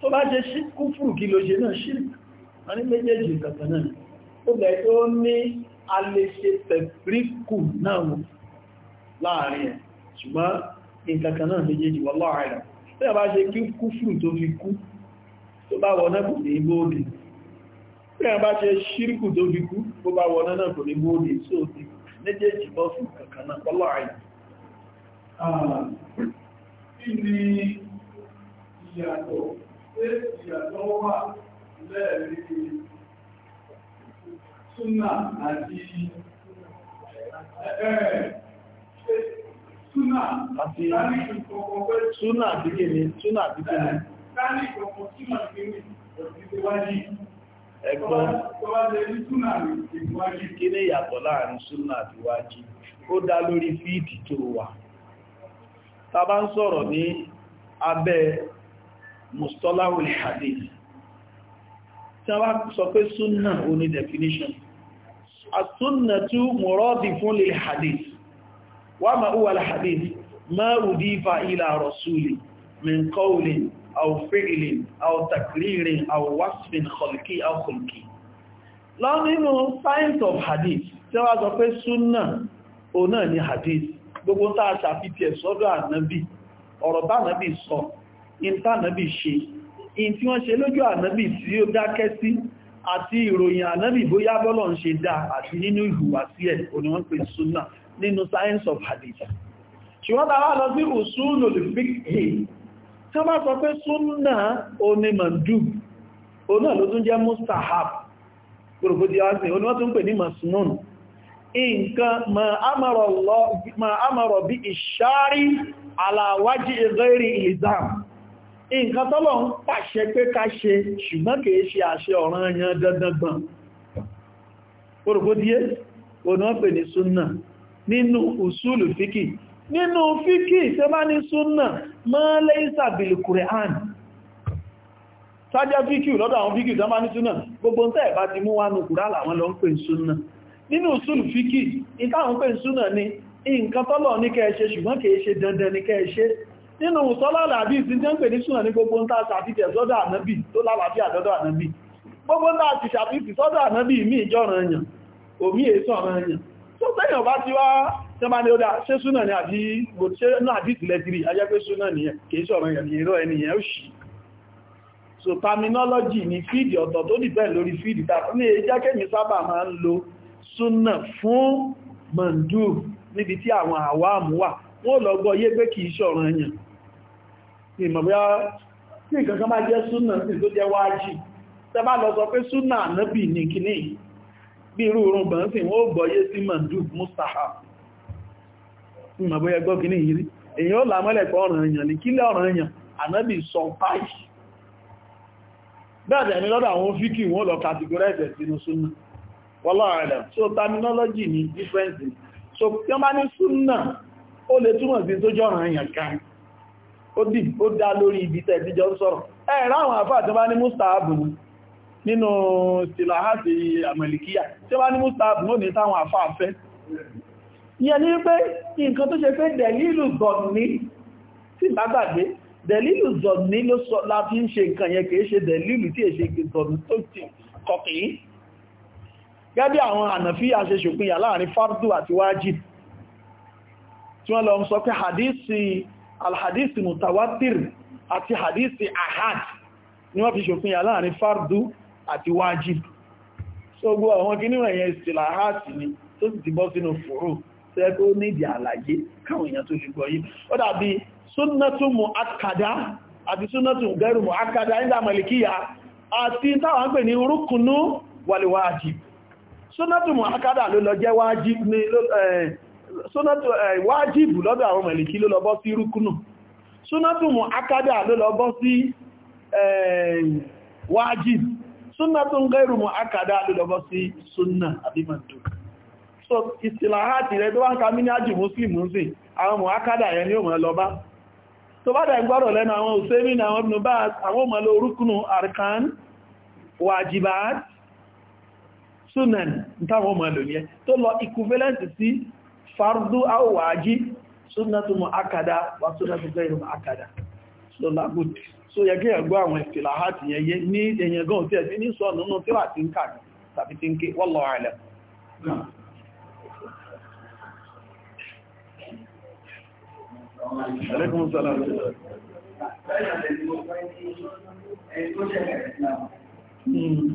tó bá ṣe kúfùrù kí ló ṣe náà ṣíríkù wọ́n ní méjèèjì ìgbàgbà náà ó bẹ̀ẹ́ tó ní a lè ṣe tẹ̀bríkù náà wọ́n láàrin ẹ̀ ṣùgbọ́n ìkàkà náà méjèèjì wọ́n láàrin tó yàbá ṣe kí kúfùrù tó fi kú tó bá wọ́n náà kò ní bóòdì ní bóòdì méjèèjì bọ́ fún kàkà náà láàrin Kí ni ìyàtọ̀ ṣe ìyàtọ̀ wà lẹ́ẹ̀rí súnà àti ẹ̀ẹ́ súnà àti súnà àti kìíní súnà àti kìíní. Káàlì ìkọ̀kọ̀ súnà Ẹgbọ́n tó jẹ́ ní súnà ìyàtọ̀ láàrin súnà àti wájí? Ó dá lórí fíìdì tó wà. tàbá ń sọ̀rọ̀ ní abẹ́ mustalahul hadith tí a bá sọ pé súnnà ó ní definition as-sunnatu muradifun lil hadith wa ma huwa al hadith ma udifa ila rasuli min qawlin aw fi'lin aw takririn aw wasfin khalqi aw hadith gbogbo tá a ṣàfitì ẹ̀ sọ́dọ̀ ànábì ọ̀rọ̀ bá ànábì sọ in tá ànábì ṣe in tí wọ́n ṣe lójú ànábì tí ó dákẹ́ sí àti ìròyìn ànábì bóyá bọ́lọ̀ ń ṣe dá àti nínú ìhùwàsí ẹ̀ òní wọ́n pè súnà nínú science of hadith ṣùgbọ́n tàbá lọ sí òṣùlò pè ní masnun nǹkan ma amọ̀rọ̀ bí ìṣárí aláwájí ìgbẹ́rí ìlìzàm nǹkan tọ́lọ̀ ń pàṣẹ pé ká ṣe ṣùgbọ́n kìí ṣe àṣẹ ọ̀ràn dandan dandangan orùgbódíé ọ̀nà pè ní súnnà nínú usulu fíkì nínú fíkì tẹ́ bá ní súnnà mọ́ lẹ́yìnsà bìlì kùrán sájá ti nínú ìsúlù fíkì ìtàwọn pé ìsúnà ni nǹkan tọ́lọ̀ ní kẹ́ẹ̀ṣe ṣùgbọ́n kìí ṣe dandan ní kẹ́ẹ̀ṣe nínú sọ́lọ́lá àbí ìsìn tẹ́ ń pè ní súnà ní gbogbo ń tàà sàfífẹ́ sọ́dọ̀ ànábì tó lálàáfíà àdọ́dọ̀ ànábì gbogbo ń tàà ti sàfífẹ́ sọ́dọ̀ ànábì mí ìjọràn èèyàn òmí èso ọ̀ràn èèyàn tó tẹ́yàn bá ti wá tẹ́mà so terminology ni fíìdì ọ̀tọ̀ tó dìbẹ̀ lórí fíìdì tàbí ní ẹjẹ́ kẹ́mi sábà súnà fún mọ̀ndú níbi tí àwọn àwáàmù wà wọ́n lọ gbọ́ yé pé kìí ni èèyàn ìmọ̀bíá tí ìkankan bá jẹ́ súnà sí tó jẹ́ wájì tẹ́ bá lọ sọ pé súnà ànábì ní kìíní bí irú orun bọ̀n sí wọ́n gbọ́ yé sí mọ̀ndú mustahab ìmọ̀bíá gbọ́ kìíní yìí èyàn ó làmọ́lẹ̀ pé ọ̀ràn èèyàn ní kílẹ̀ ọ̀ràn èèyàn ànábì sọ báyìí bẹ́ẹ̀ wọ́lọ́rẹ̀lẹ̀ so terminology ni difference so tí wọ́n bá ní súnnà ó lè túmọ̀ sí tó jọ́ ràn yàn kan ó dá lórí ibi tẹ́ẹ̀tí jọ sọ̀rọ̀ ẹ̀rọ àwọn àfáà tí wọ́n bá ní mustahabu nínú stilahati amalikiya tí wọ́n bá ní mustahabu ó ní táwọn àfáà fẹ́ ìyẹn ní pé nǹkan tó ṣe pé dẹ̀lílù zọ̀ní tí lágbàgbé dẹ̀lílù zọ̀ní ló sọ láti ń ṣe nǹkan yẹn kìí ṣe dẹ̀lílù tí èṣe zọ̀ní tó ti kọkìí gẹ́bí àwọn ànàfíà ṣe ṣòpinyà láàrin fardu àti wájib tí wọ́n lọ sọ pé hadisi alhadisi mutawatir àti hadisi ahad ni wọ́n fi ṣòpinyà láàrin fardu àti wájib so gbọ́ àwọn kí níwọ̀n yẹn istilahati ni tó sì ti bọ́ sínú fòrò tẹ́ tó nídi àlàyé káwọn èèyàn tó fi gbọ́ yìí ó dàbí súnnátù mu'akkada àti súnnátù gairu sónátù mọ̀hákádà ló lọ jẹ́ wájìbù lọ́dọ̀ àwọn mẹ̀lìkí ló lọ bọ́ sí rúkúnù sónátù mọ̀hákádà ló lọ bọ́ sí wájìbù sónátù gẹ́rù mọ̀hákádà ló lọ bọ́ sí súnà àbímọ̀tò so ìsìláhàtì rẹ̀ tó wá ń ka mínájì mùsùlùmù sí àwọn mọ̀hákádà yẹn ni ó mọ̀ lọ bá tó bá arkan wajibat sunan táwọn ọmọ ẹlòmíẹ́ tó equivalent fardu awàájí sunnatu mu'akkada wa sunnatu ghayru mu'akkada so labud so yẹ kí ẹgbọ́ àwọn ìfìlàhátì yẹn yé ní èyàn gan tí ẹ̀sí ní sọ nínú tí wà tí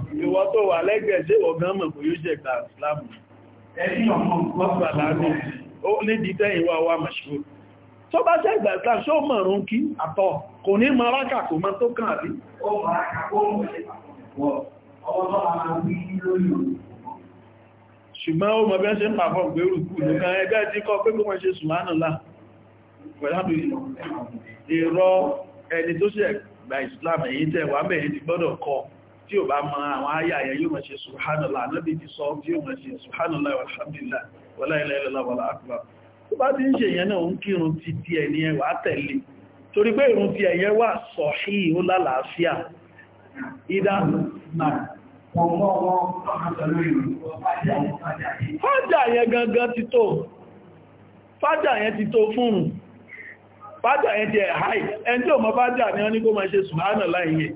ìwọ tó wà lẹ́gbẹ̀ẹ́ ṣe ọ̀gán mọ̀ kò yóò ṣe gbà ìsìlámù tó bá ṣe gbà ìsìlám ṣó mọ̀rún kí àtọ̀ kò ní mọ̀ rákà kò mọ̀ tó kàn rí ṣùgbọ́n ó mọ̀ bí wọ́n ṣe ń pàfọ́ gbérù kú nìkan ẹgbẹ́ tí kọ́ pé kó wọ́n ṣe sùmánù láà pẹ̀lábí ìrọ ẹni tó ṣe gbà ìsìlám èyí tẹ́wàá mẹ́yìn ti gbọ́dọ̀ kọ́ tí ò bá àwọn ayé àyẹ yóò mọ̀ ṣe anábì ti sọ tí ó mọ̀ ṣe subhanallah alhamdulillah wala ilẹ̀ illallah wala akbar tó bá ti ń ṣe náà ń di ẹni ẹwà tẹ̀lé torí pé ti ẹ̀yẹ wà náà fájà gangan ti ẹni tí ò fájà ni wọ́n ní kó máa ṣe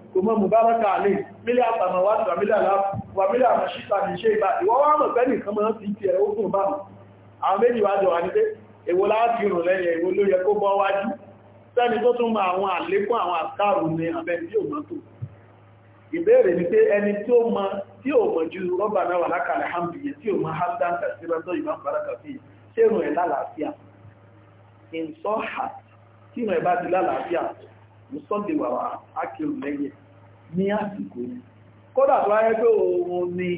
kò mọ́ mùbáraka àlè mílẹ̀ àtàmọ̀wà wà mílẹ̀ àmàṣíta ní ṣe ìbá ìwọ́ wá mọ̀ pẹ́ nìkan mọ́ sí ti ẹ̀rọ fún ìbámu àwọn méjì wájọ wà ní pé èwo láti rùn lẹ́yìn èwo ló sẹ́ni tó tún mọ àwọn àlékún àwọn àkàrù ní abẹ́ tí ò mọ́tò ìbéèrè ni pé ẹni tí ó mọ tí ò mọ̀ ju rọ́bà náà wà lákàlẹ̀ hàmbìyẹ tí ò mọ hamdan kàṣírọ́tọ̀ ìbá baraka fi ṣérùn mùsọ́lẹ̀ wà wà ákìlù lẹ́yìn ní àsìkò kódà tó ayẹ́ pé òun ni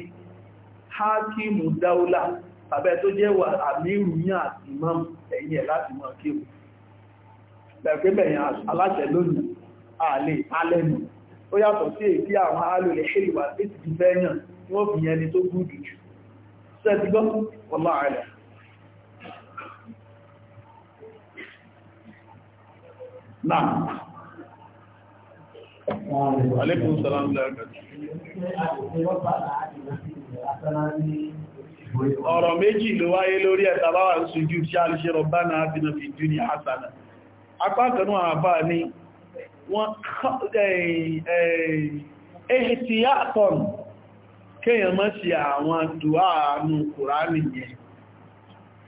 hákìmù dáúlà tàbẹ́ tó jẹ́ wà àmírù ní àti mọ́m ẹ̀yìn ẹ̀ láti mọ́ kí o pẹ̀pẹ́ bẹ̀yìn aláṣẹ lónìí àlè alẹ́nu ó yàtọ̀ sí èkí àwọn alòlẹ̀ ṣèlúwà títí di fẹ́yàn tí wọ́n fi yẹni tó gúdù jù sẹ́dígbọ́n wọ́lá àrẹ̀ náà alaikum salam ọ̀rọ̀ méjì ló wáyé lórí ẹ̀tàbáwà ń sojú tí a lè ṣe rọ̀bá náà fi náà fi jú ní hasana apákanú àbá ní wọ́n ẹ̀ẹ̀tì yàtọ̀n kéèyàn mọ́ sí àwọn dùáànù kùránì yẹn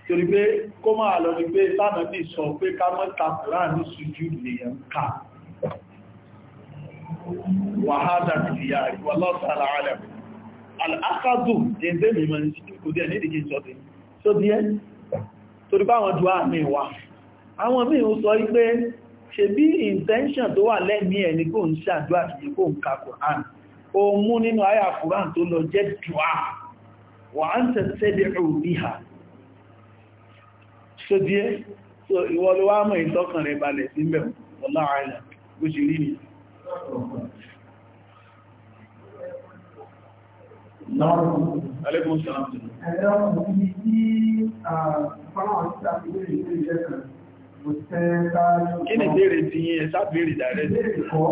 torí pé kó máa lọ ní pé tánàbí sọ pé ká mọ́ ta kùránì sojú lèyàn ká wàhádà ìyá ìwọlọ́sára alẹ́ al'akadu jẹ́ndé mímọ̀ kò díẹ̀ ní ìdíkí ìṣọ́tí tó díẹ̀ torí bá wọn jùwá mi wà àwọn míì ó sọ wípé ṣe bí intention tó wà lẹ́mí ẹ̀ ní kò ń ṣàdúrà kìí kò ń ka Kùrán o mú nínú àyà Kùrán tó lọ jẹ́ dùá wà á ń tẹ̀sẹ́dẹ̀ òbíhà tó díẹ̀ ìwọlọ́wà mọ̀ ìtọ́kàn rẹ̀ balẹ̀ sí mẹ́ Alẹ́kùn ṣe àmì. Ẹ̀rọ ìbí tí àpáwọn àti àpìlẹ̀ ìlú ìjẹ́ kan, mo tẹ́ sáájú. Kí ni bèèrè ti yí ẹ̀sá bèèrè dàrẹ́? Bèèrè kọ́,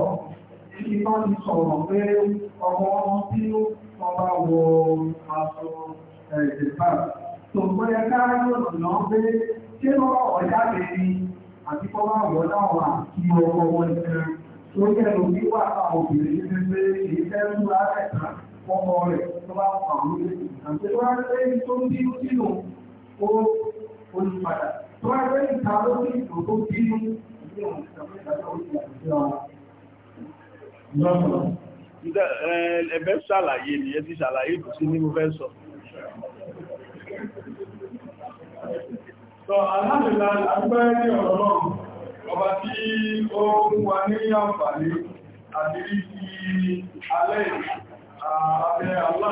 kí bá ti sọ̀rọ̀ pé ọmọ ọmọ tí wọ́n bá wọ aṣọ ẹ̀ẹ̀dẹ̀fà. Tò bóyá káàkiri ọ̀nà pé kí wọ́n bá wọ̀ jáde ni àti kọ́ bá wọ̀ láwọn àti ọkọ̀ wọn nìkan tó ṣàlàyé ni ẹ ṣàlàyé ìtù sí ní mo fẹ́ sọ. Sọ aláàrẹ̀ láàrín ní ọ̀rọ̀ náà ọba tí ó mú wa ní àǹfààní àti rí ti alẹ́ àbẹ́ àlá